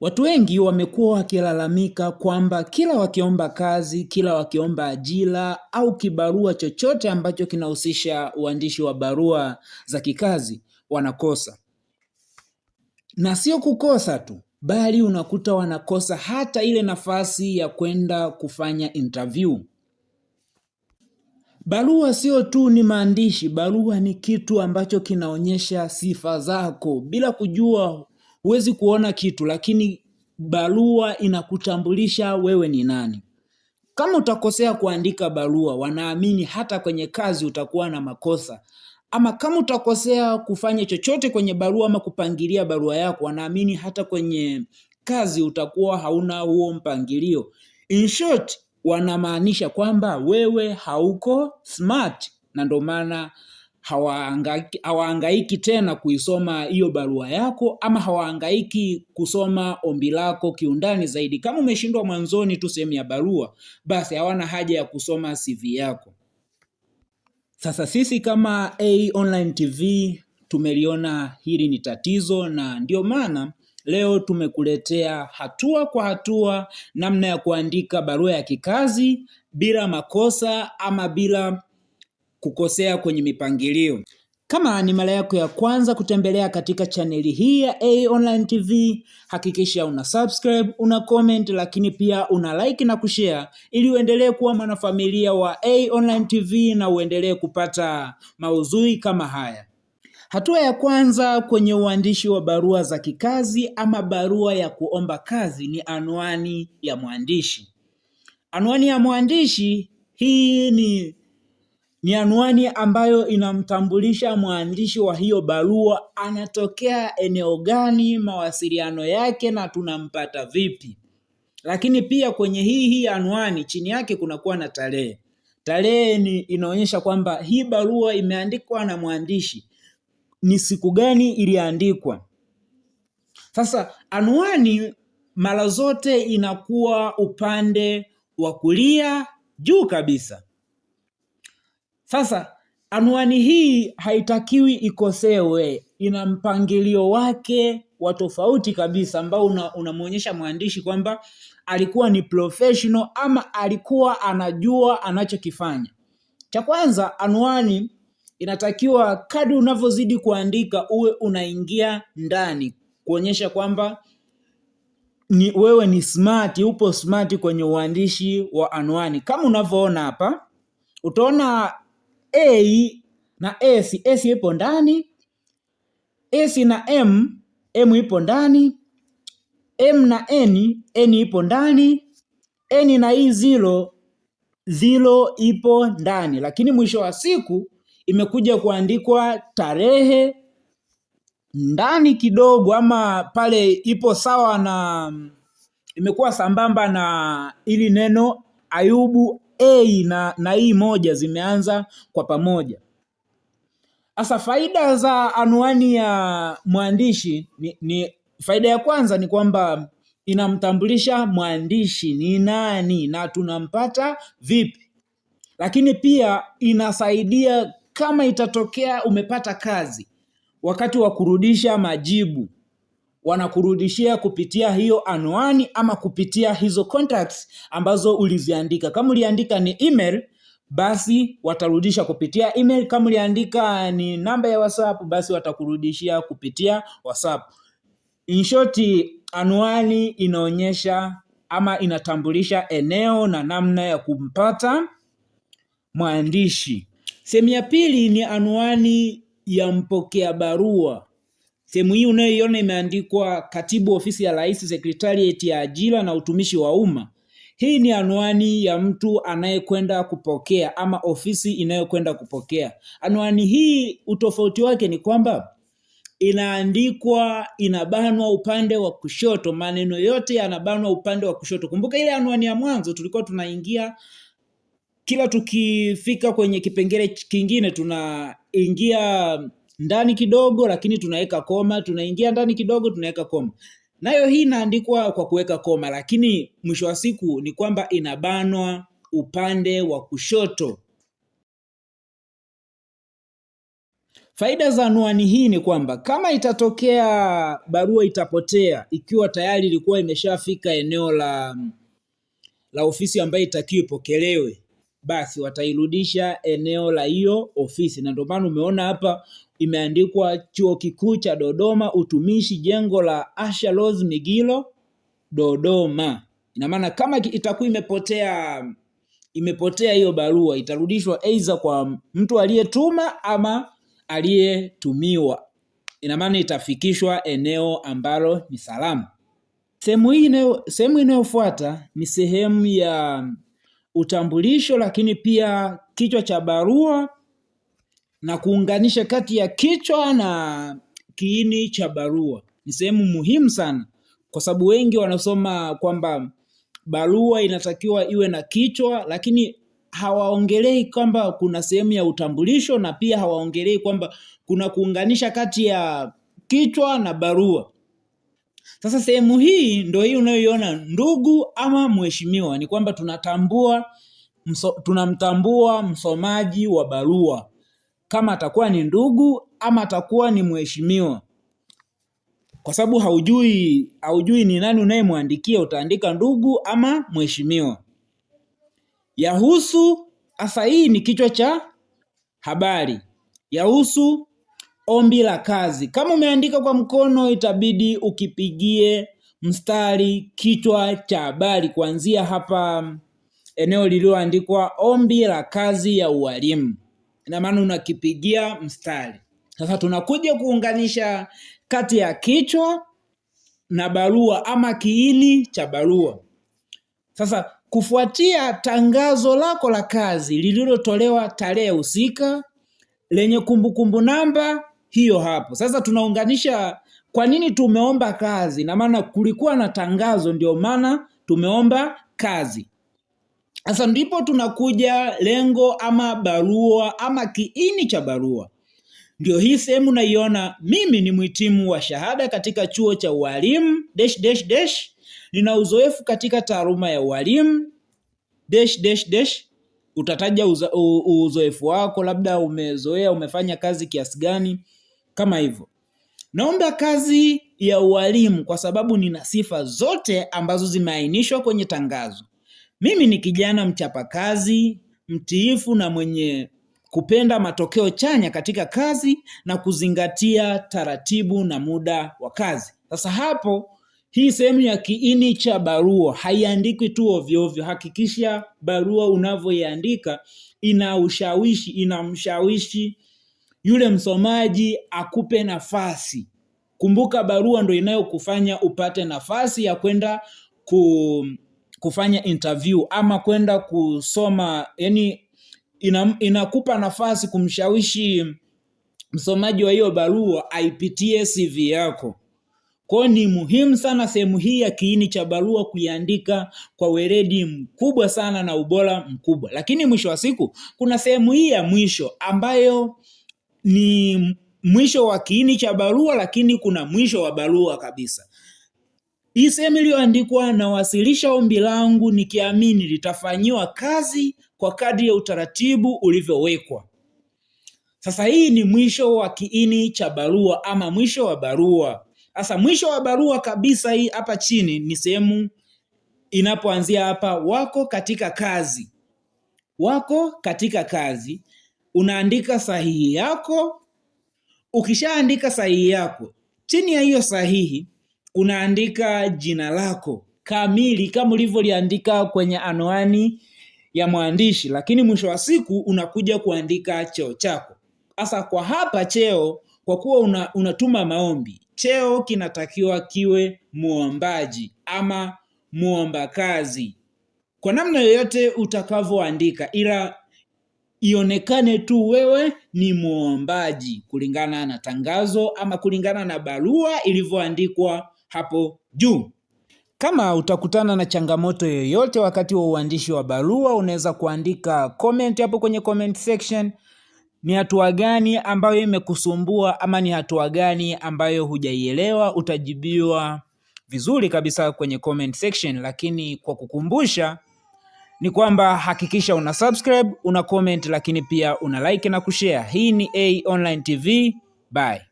Watu wengi wamekuwa wakilalamika kwamba kila wakiomba kazi, kila wakiomba ajira au kibarua chochote ambacho kinahusisha uandishi wa barua za kikazi wanakosa. Na sio kukosa tu, bali unakuta wanakosa hata ile nafasi ya kwenda kufanya interview. Barua sio tu ni maandishi, barua ni kitu ambacho kinaonyesha sifa zako bila kujua huwezi kuona kitu, lakini barua inakutambulisha wewe ni nani. Kama utakosea kuandika barua, wanaamini hata kwenye kazi utakuwa na makosa ama kama utakosea kufanya chochote kwenye barua ama kupangilia barua yako, wanaamini hata kwenye kazi utakuwa hauna huo mpangilio. In short, wanamaanisha kwamba wewe hauko smart na ndio maana hawaangaiki, hawaangaiki tena kuisoma hiyo barua yako ama hawaangaiki kusoma ombi lako kiundani zaidi. Kama umeshindwa mwanzoni tu sehemu ya barua, basi hawana haja ya kusoma CV yako. Sasa sisi kama A Online TV tumeliona hili ni tatizo, na ndio maana leo tumekuletea hatua kwa hatua namna ya kuandika barua ya kikazi bila makosa ama bila kukosea kwenye mipangilio. Kama ni mara yako ya kwanza kutembelea katika chaneli hii ya A Online TV, hakikisha una subscribe, una comment, lakini pia una like na kushare ili uendelee kuwa mwanafamilia wa A Online TV na uendelee kupata maudhui kama haya. Hatua ya kwanza kwenye uandishi wa barua za kikazi ama barua ya kuomba kazi ni anwani ya mwandishi. Anwani ya mwandishi hii ni ni anwani ambayo inamtambulisha mwandishi wa hiyo barua anatokea eneo gani, mawasiliano yake na tunampata vipi. Lakini pia kwenye hii hii anwani chini yake kunakuwa na tarehe. Tarehe ni inaonyesha kwamba hii barua imeandikwa na mwandishi, ni siku gani iliandikwa. Sasa anwani mara zote inakuwa upande wa kulia juu kabisa. Sasa anwani hii haitakiwi ikosewe, ina mpangilio wake wa tofauti kabisa ambao unamwonyesha una mwandishi kwamba alikuwa ni professional ama alikuwa anajua anachokifanya. Cha kwanza, anwani inatakiwa kadi unavyozidi kuandika uwe unaingia ndani kuonyesha kwamba ni wewe ni smart, upo smart kwenye uandishi wa anwani. Kama unavyoona hapa, utaona A na S, S ipo ndani, S na M, M ipo ndani, M na N, N ipo ndani, N na i zero, zero ipo ndani, lakini mwisho wa siku imekuja kuandikwa tarehe ndani kidogo, ama pale ipo sawa na imekuwa sambamba na ili neno Ayubu A na, na E moja zimeanza kwa pamoja. Sasa faida za anwani ya mwandishi ni, ni faida ya kwanza ni kwamba inamtambulisha mwandishi ni nani na tunampata vipi, lakini pia inasaidia kama itatokea umepata kazi wakati wa kurudisha majibu wanakurudishia kupitia hiyo anwani ama kupitia hizo contacts ambazo uliziandika. Kama uliandika ni email, basi watarudisha kupitia email. Kama uliandika ni namba ya WhatsApp, basi watakurudishia kupitia WhatsApp. In short, anwani inaonyesha ama inatambulisha eneo na namna ya kumpata mwandishi. Sehemu ya pili ni anwani ya mpokea barua. Sehemu hii unayoiona imeandikwa Katibu Ofisi ya Rais, Sekretarieti ya Ajira na Utumishi wa Umma. Hii ni anwani ya mtu anayekwenda kupokea ama ofisi inayokwenda kupokea. Anwani hii utofauti wake ni kwamba inaandikwa inabanwa upande wa kushoto, maneno yote yanabanwa upande wa kushoto. Kumbuka ile anwani ya mwanzo tulikuwa tunaingia kila tukifika kwenye kipengele kingine tunaingia ndani kidogo, lakini tunaweka koma, tunaingia ndani kidogo, tunaweka koma. Nayo hii inaandikwa kwa kuweka koma, lakini mwisho wa siku ni kwamba inabanwa upande wa kushoto. Faida za anwani hii ni kwamba kama itatokea barua itapotea ikiwa tayari ilikuwa imeshafika eneo la, la ofisi ambayo itakiwa ipokelewe, basi watairudisha eneo la hiyo ofisi, na ndio maana umeona hapa imeandikwa Chuo Kikuu cha Dodoma Utumishi, jengo la Asha Rose Migiro, Dodoma. Ina maana kama itakuwa imepotea imepotea hiyo barua itarudishwa aidha kwa mtu aliyetuma ama aliyetumiwa. Ina maana itafikishwa eneo ambalo ni salama. Sehemu hii sehemu inayofuata ni sehemu ya utambulisho, lakini pia kichwa cha barua na kuunganisha kati ya kichwa na kiini cha barua. Ni sehemu muhimu sana, kwa sababu wengi wanasoma kwamba barua inatakiwa iwe na kichwa, lakini hawaongelei kwamba kuna sehemu ya utambulisho, na pia hawaongelei kwamba kuna kuunganisha kati ya kichwa na barua. Sasa sehemu hii ndio hii unayoiona ndugu ama mheshimiwa, ni kwamba tunatambua mso, tunamtambua msomaji wa barua kama atakuwa ni ndugu ama atakuwa ni mheshimiwa, kwa sababu haujui, haujui ni nani unayemwandikia. Utaandika ndugu ama mheshimiwa. Yahusu hasa, hii ni kichwa cha habari, yahusu ombi la kazi. Kama umeandika kwa mkono, itabidi ukipigie mstari kichwa cha habari kuanzia hapa eneo lililoandikwa ombi la kazi ya ualimu ina maana unakipigia mstari. Sasa tunakuja kuunganisha kati ya kichwa na barua ama kiini cha barua. Sasa kufuatia tangazo lako la kazi lililotolewa tarehe husika lenye kumbukumbu namba hiyo hapo. Sasa tunaunganisha kwa nini tumeomba kazi, na maana kulikuwa na tangazo, ndio maana tumeomba kazi. Sasa ndipo tunakuja lengo ama barua ama kiini cha barua. Ndio hii sehemu naiona, mimi ni mhitimu wa shahada katika chuo cha ualimu dash dash dash, nina uzoefu katika taaluma ya ualimu dash dash dash. Utataja uzoefu wako, labda umezoea, umefanya kazi kiasi gani, kama hivyo. Naomba kazi ya ualimu kwa sababu nina sifa zote ambazo zimeainishwa kwenye tangazo. Mimi ni kijana mchapakazi, mtiifu na mwenye kupenda matokeo chanya katika kazi na kuzingatia taratibu na muda wa kazi. Sasa hapo hii sehemu ya kiini cha barua haiandikwi tu ovyo. Hakikisha barua unavyoiandika ina ushawishi, inamshawishi yule msomaji akupe nafasi. Kumbuka, barua ndo inayokufanya upate nafasi ya kwenda ku kufanya interview ama kwenda kusoma, yani ina, inakupa nafasi kumshawishi msomaji wa hiyo barua aipitie CV yako. Kwa ni muhimu sana sehemu hii ya kiini cha barua kuiandika kwa weledi mkubwa sana na ubora mkubwa. Lakini mwisho wa siku kuna sehemu hii ya mwisho ambayo ni mwisho wa kiini cha barua, lakini kuna mwisho wa barua kabisa. Hii sehemu iliyoandikwa nawasilisha ombi langu nikiamini litafanyiwa kazi kwa kadri ya utaratibu ulivyowekwa. Sasa hii ni mwisho wa kiini cha barua ama mwisho wa barua. Sasa mwisho wa barua kabisa hii hapa chini ni sehemu inapoanzia hapa, wako katika kazi, wako katika kazi, unaandika sahihi yako. Ukishaandika sahihi yako, chini ya hiyo sahihi unaandika jina lako kamili kama ulivyoliandika kwenye anwani ya mwandishi, lakini mwisho wa siku unakuja kuandika cheo chako. Sasa kwa hapa cheo, kwa kuwa una, unatuma maombi, cheo kinatakiwa kiwe muombaji ama muomba kazi, kwa namna yoyote utakavyoandika, ila ionekane tu wewe ni muombaji kulingana na tangazo ama kulingana na barua ilivyoandikwa hapo juu. Kama utakutana na changamoto yoyote wakati wa uandishi wa barua, unaweza kuandika comment hapo kwenye comment section. Ni hatua gani ambayo imekusumbua ama ni hatua gani ambayo hujaielewa? Utajibiwa vizuri kabisa kwenye comment section, lakini kwa kukumbusha ni kwamba hakikisha una subscribe, una comment, lakini pia una like na kushare. Hii ni A Online TV. Bye.